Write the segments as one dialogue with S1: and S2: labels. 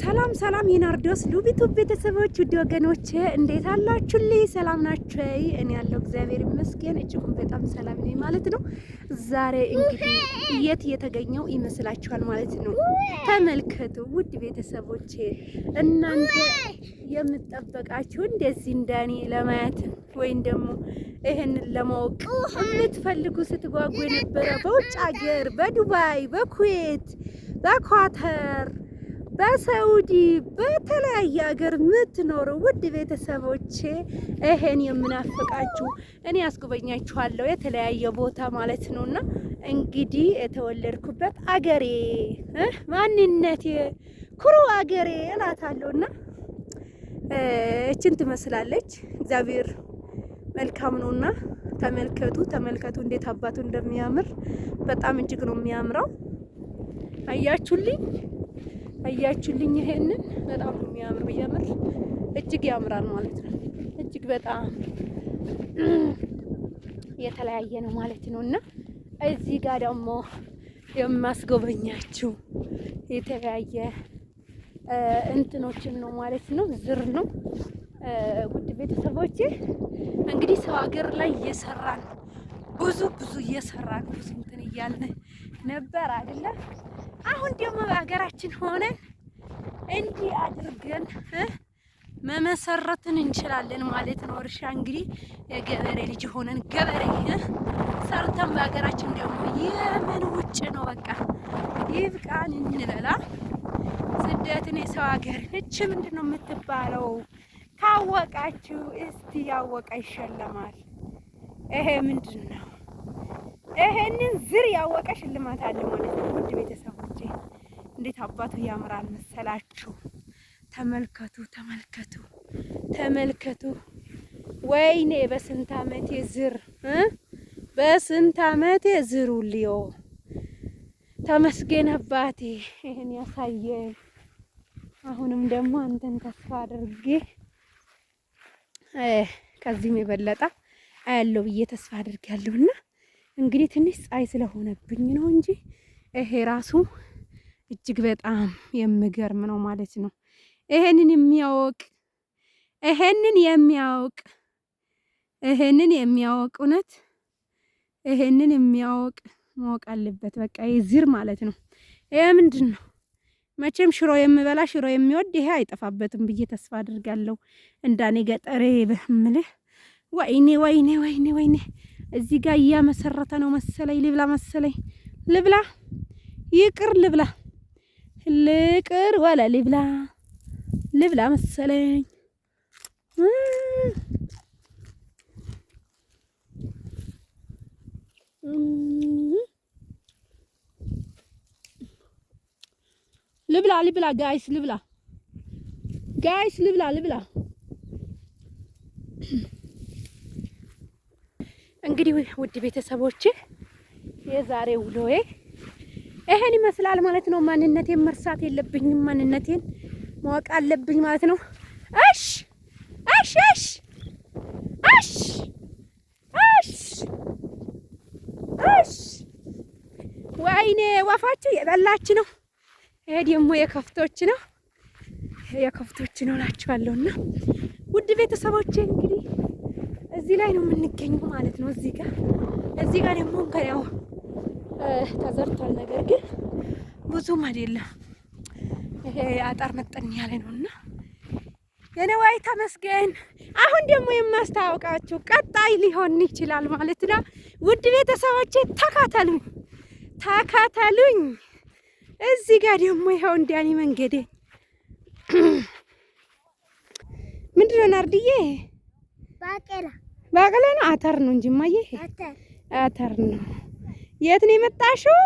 S1: ሰላም ሰላም የናርዶስ ሉቢቱ ቤተሰቦች ውድ ወገኖች እንዴት አላችሁልኝ? ሰላም ናችሁ? እኔ ያለው እግዚአብሔር ይመስገን እጅጉን በጣም ሰላም ነኝ ማለት ነው። ዛሬ እንግዲህ የት እየተገኘው ይመስላችኋል ማለት ነው? ተመልከቱ ውድ ቤተሰቦች፣ እናንተ የምጠበቃችሁ እንደዚህ እንደኔ ለማየት ወይም ደግሞ ይህንን ለማወቅ የምትፈልጉ ስትጓጉ የነበረ በውጭ ሀገር በዱባይ፣ በኩዌት፣ በኳተር በሳውዲ በተለያየ ሀገር የምትኖሩ ውድ ቤተሰቦቼ ይሄን የምናፍቃችሁ እኔ አስጎበኛችኋለሁ የተለያየ ቦታ ማለት ነውና እንግዲህ የተወለድኩበት አገሬ ማንነቴ ኩሩ አገሬ እላታለሁና እችን ትመስላለች። እግዚአብሔር መልካም ነውና ተመልከቱ፣ ተመልከቱ እንዴት አባቱ እንደሚያምር በጣም እጅግ ነው የሚያምረው። አያችሁልኝ? አያችሁልኝ? ይሄንን በጣም ነው የሚያምር ብያምር እጅግ ያምራል ማለት ነው። እጅግ በጣም የተለያየ ነው ማለት ነው። እና እዚህ ጋር ደግሞ የማስጎበኛችሁ የተለያየ እንትኖችን ነው ማለት ነው። ዝር ነው ውድ ቤተሰቦቼ እንግዲህ ሰው ሀገር ላይ እየሰራን ብዙ ብዙ እየሰራን ብዙ እንትን እያልን ነበር አይደለም አሁን ደግሞ በሀገራችን ሆነን እንዲህ አድርገን መመሰረትን እንችላለን ማለት ነው። እርሻ እንግዲህ የገበሬ ልጅ ሆነን ገበሬ ሰርተን በሀገራችን ደግሞ የምን ውጭ ነው በቃ ይብቃን እንበላ ስደትን የሰው ሀገር እች ምንድን ነው የምትባለው? ካወቃችሁ እስቲ ያወቀ ይሸለማል። ይሄ ምንድን ነው? ይሄንን ዝር ያወቀ ሽልማት አለ ማለት ነው። ውድ ቤተሰብ እንዴት አባቱ ያምራል መሰላችሁ! ተመልከቱ፣ ተመልከቱ፣ ተመልከቱ። ወይኔ በስንት አመቴ ዝር በስንት አመቴ ዝሩ ልዮ ተመስገን አባቴ ይሄን ያሳየ። አሁንም ደግሞ አንተን ተስፋ አድርጌ ከዚህም የበለጠ አያለው ብዬ ተስፋ አድርጌያለሁና እንግዲህ ትንሽ ፀሐይ ስለሆነብኝ ነው እንጂ ይሄ ራሱ እጅግ በጣም የሚገርም ነው ማለት ነው። ይሄንን የሚያውቅ ይሄንን የሚያውቅ ይሄንን የሚያውቅ እውነት ይሄንን የሚያውቅ ማወቅ አለበት። በቃ ይዝር ማለት ነው። ይሄ ምንድን ነው? መቼም ሽሮ የሚበላ ሽሮ የሚወድ ይሄ አይጠፋበትም ብዬ ተስፋ አድርጋለሁ። እንዳኔ ገጠሬ በምልህ ወይኔ ወይኔ ወይኔ ወይኔ እዚህ ጋር እያመሰረተ ነው መሰለኝ። ልብላ መሰለኝ ልብላ፣ ይቅር ልብላ ልቅር ዋላ ልብላ ልብላ መሰለኝ። ልብላ ልብላ ጋይስ ልብላ ጋይስ ልብላ ልብላ። እንግዲህ ውድ ቤተሰቦች የዛሬ ውሎዬ ይሄን ይመስላል ማለት ነው። ማንነቴን መርሳት የለብኝም። ማንነቴን ማወቅ አለብኝ ማለት ነው። እሺ፣ እሺ፣ እሺ፣ እሺ፣ እሺ፣ እሺ። ወይኔ ወፋችሁ የበላች ነው። ይሄ ደግሞ የከፍቶች ነው። የከፍቶች ነው እላችኋለሁና ውድ ቤተሰቦቼ እንግዲህ እዚህ ላይ ነው የምንገኘው ማለት ነው። እዚህ ጋር እዚህ ጋር ደግሞ ከያው ተዘርቷል። ነገር ግን ብዙም አይደለም። ይሄ አጠር መጠን ያለ ነው እና የኔ ተመስገን። አሁን ደግሞ የማስታወቃችሁ ቀጣይ ሊሆን ይችላል ማለት ነው። ውድ ቤተሰቦቼ ተካተሉኝ፣ ተካተሉኝ። እዚህ ጋር ደግሞ ይኸው እንዲያኔ መንገዴ ምንድነው? ነው ናርድዬ? ባቄላ ባቄላ ነው አተር ነው እንጂ ማየ አተር ነው። የት ነው የመጣሽው?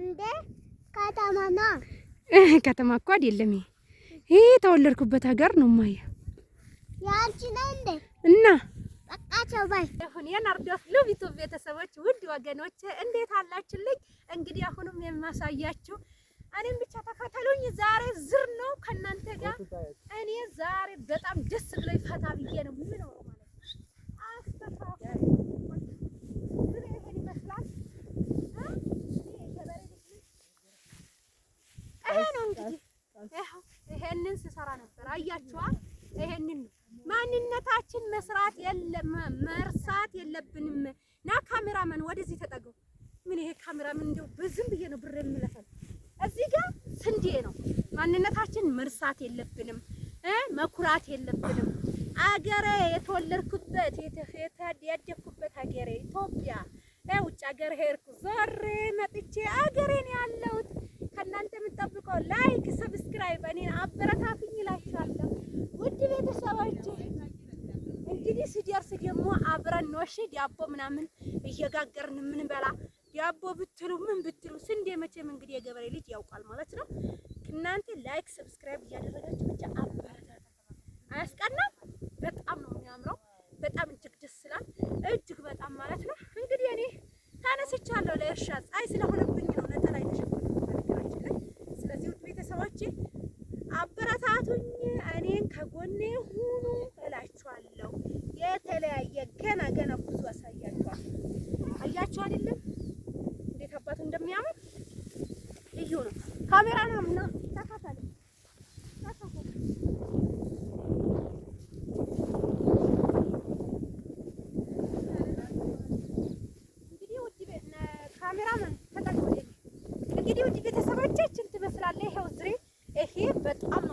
S2: እንደ ከተማ ከተማና
S1: ከተማ እኮ አይደለም ይሄ የተወለድኩበት ሀገር ነው። ማየ
S2: ያንቺ ነው እንደ እና በቃቸው ባይ
S1: አሁን የናርዶስ ሎቢቱ ቤተሰቦች ውድ ወገኖች እንዴት አላችሁልኝ? እንግዲህ አሁንም የማሳያችሁ እኔም ብቻ ተከተሉኝ። ዛሬ ዝር ውለታችን መስራት የለም መርሳት የለብንም። ና ካሜራመን ወደዚህ ተጠገው። ምን ይሄ ካሜራመን እንደው በዝም ብዬ ነው ብር የምለፈል። እዚህ ጋር ስንዴ ነው። ማንነታችን መርሳት የለብንም፣ መኩራት የለብንም። አገሬ የተወለድኩበት ያደግኩበት አገሬ ኢትዮጵያ። ውጭ ሀገር ሄድኩ ዞሬ መጥቼ አገሬን ያለሁት ከእናንተ የምጠብቀው ላይክ፣ ሰብስክራይብ እኔን አበረታትኝ ይላችኋል። ሲደርስ ደግሞ አብረን ነው እሺ። ዳቦ ምናምን እየጋገርን የምንበላ ዳቦ ብትሉ ምን ብትሉ ስንዴ መቼም እንግዲህ የገበሬ ልጅ ያውቃል ማለት ነው። እናንተ ላይክ፣ ሰብስክራይብ እያደረጋችሁ ብቻ አበረታታ። አያስቀናም? በጣም ነው የሚያምረው። በጣም እጅግ ደስ ይላል። እጅግ በጣም ማለት ነው። እንግዲህ እኔ ተነስቻለሁ ለእርሻ ፀሐይ ስለሆነብኝ ነው ነጠላ የተሸፈንኩት ላይ። ስለዚህ ውድ ቤተሰቦቼ አበረታቱኝ፣ እኔን ከጎኔ ሁኑ። ካሜራ ነው ምና ተካፈለ በጣም ነው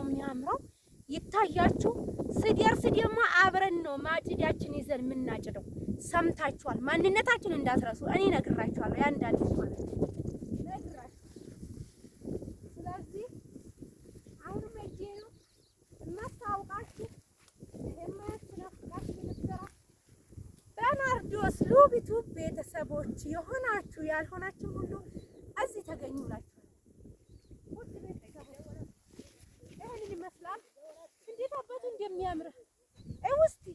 S1: የሚያምረው ይታያችሁ። ስደርስ አብረን ነው ማጭዳችን ይዘን የምናጭደው። ሰምታችኋል። ማንነታችን እንዳትረሱ እኔ እነግራችኋለሁ። ያንዳንድ ማለት ነው የዩቢቱ ቤተሰቦች የሆናችሁ ያልሆናችሁ ሁሉ እዚህ ተገኙ ይህንን ይመስላል። እንዴት አባቱ እንደሚያምር ውስጥ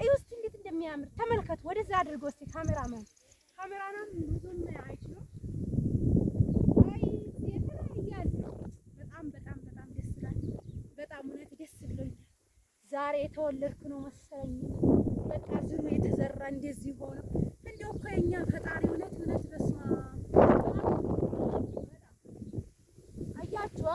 S1: እይ፣ ውስጥ እንዴት እንደሚያምር ተመልከቱ። ወደዛ አድርጎ እስኪ ካሜራማን ካሜራማን ብዙም አይችሉም። ዛሬ የተወለድኩ ነው መሰለኝ። በቃ ዝሩ የተዘራ እንደዚህ ሆነ። እንደው እኮ የኛ ፈጣሪ እውነት እውነት በስማ አያችኋ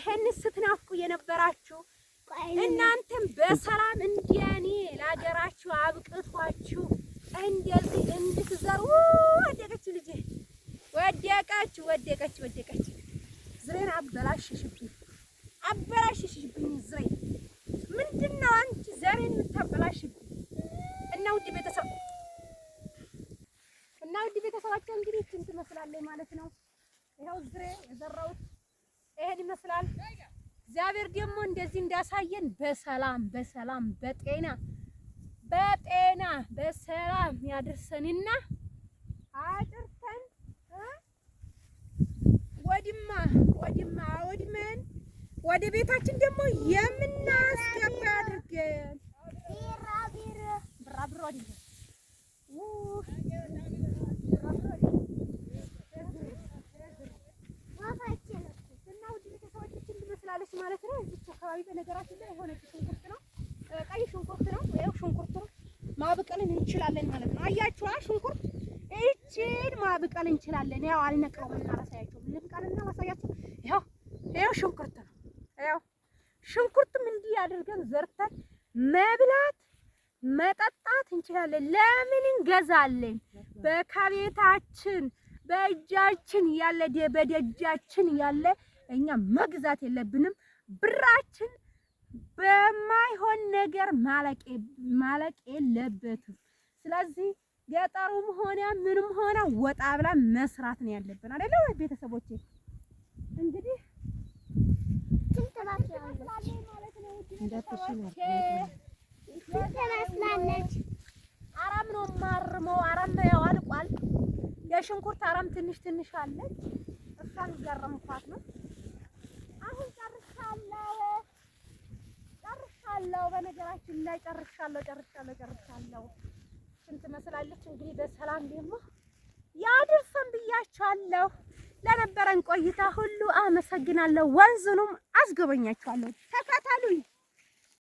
S1: ይሄን ስትናፍቁ የነበራችሁ እናንተም በሰላም እንዲያኔ ለሀገራችሁ አብቅቷችሁ እንደዚህ እንድትዘሩ ወደቀች ልጅ ወደቀች ወደቀች ወደቀች። ዝሬን አበላሽሽብኝ አበላሽሽብኝ። ዝሬ ምንድን ነው አንቺ ዘሬን የምታበላሽብኝ? እና ውድ ቤተሰብ እና ውድ ቤተሰባቸው እንግዲህ ትመስላለች ማለት ነው። ይኸው ዝሬ የዘራሁት ይሄን ይመስላል። እግዚአብሔር ደግሞ እንደዚህ እንዳሳየን በሰላም በሰላም በጤና በጤና በሰላም ያደርሰንና አድርሰን ወድማ ወድማ ወድመን ወደ ቤታችን ደግሞ የምናስገባ አድርገን ብራብሮ አካባቢ በነገራችን ላይ የሆነ ሽንኩርት ነው፣ ቀይ ሽንኩርት ነው። ይኸው ሽንኩርት ነው ማብቀልን እንችላለን ማለት ነው። አያችሁ ሽንኩርት ይቺን ማብቀል እንችላለን። ያው አልነቅለውም እና ላሳያችሁ፣ ልብቀልና ላሳያችሁ። ይኸው ይኸው ሽንኩርት ነው። ይኸው ሽንኩርትም እንዲህ አድርገን ዘርተን መብላት መጠጣት እንችላለን። ለምን እንገዛለን? በከቤታችን በእጃችን ያለ በደጃችን ያለ እኛ መግዛት የለብንም። ብራችን በማይሆን ነገር ማለቅ የለበትም። ስለዚህ ገጠሩም ሆነ ምንም ሆነ ወጣ ብላ መስራት ነው ያለብን አይደለ? ቤተሰቦቼ እንግዲህ አረም ነው ማርመው አረም ያው አልቋል። የሽንኩርት አረም ትንሽ ትንሽ አለች። እሷን ገረምኳት ነው በነገራችን ላይ ጨርሻለሁ ጨርሻለሁ ጨርሻለሁ። ስንት መስላለች እንግዲህ በሰላም ደግሞ ያድርሰን ብያችኋለሁ። ለነበረን ቆይታ ሁሉ አመሰግናለሁ። ወንዙንም አስጎበኛችኋለሁ።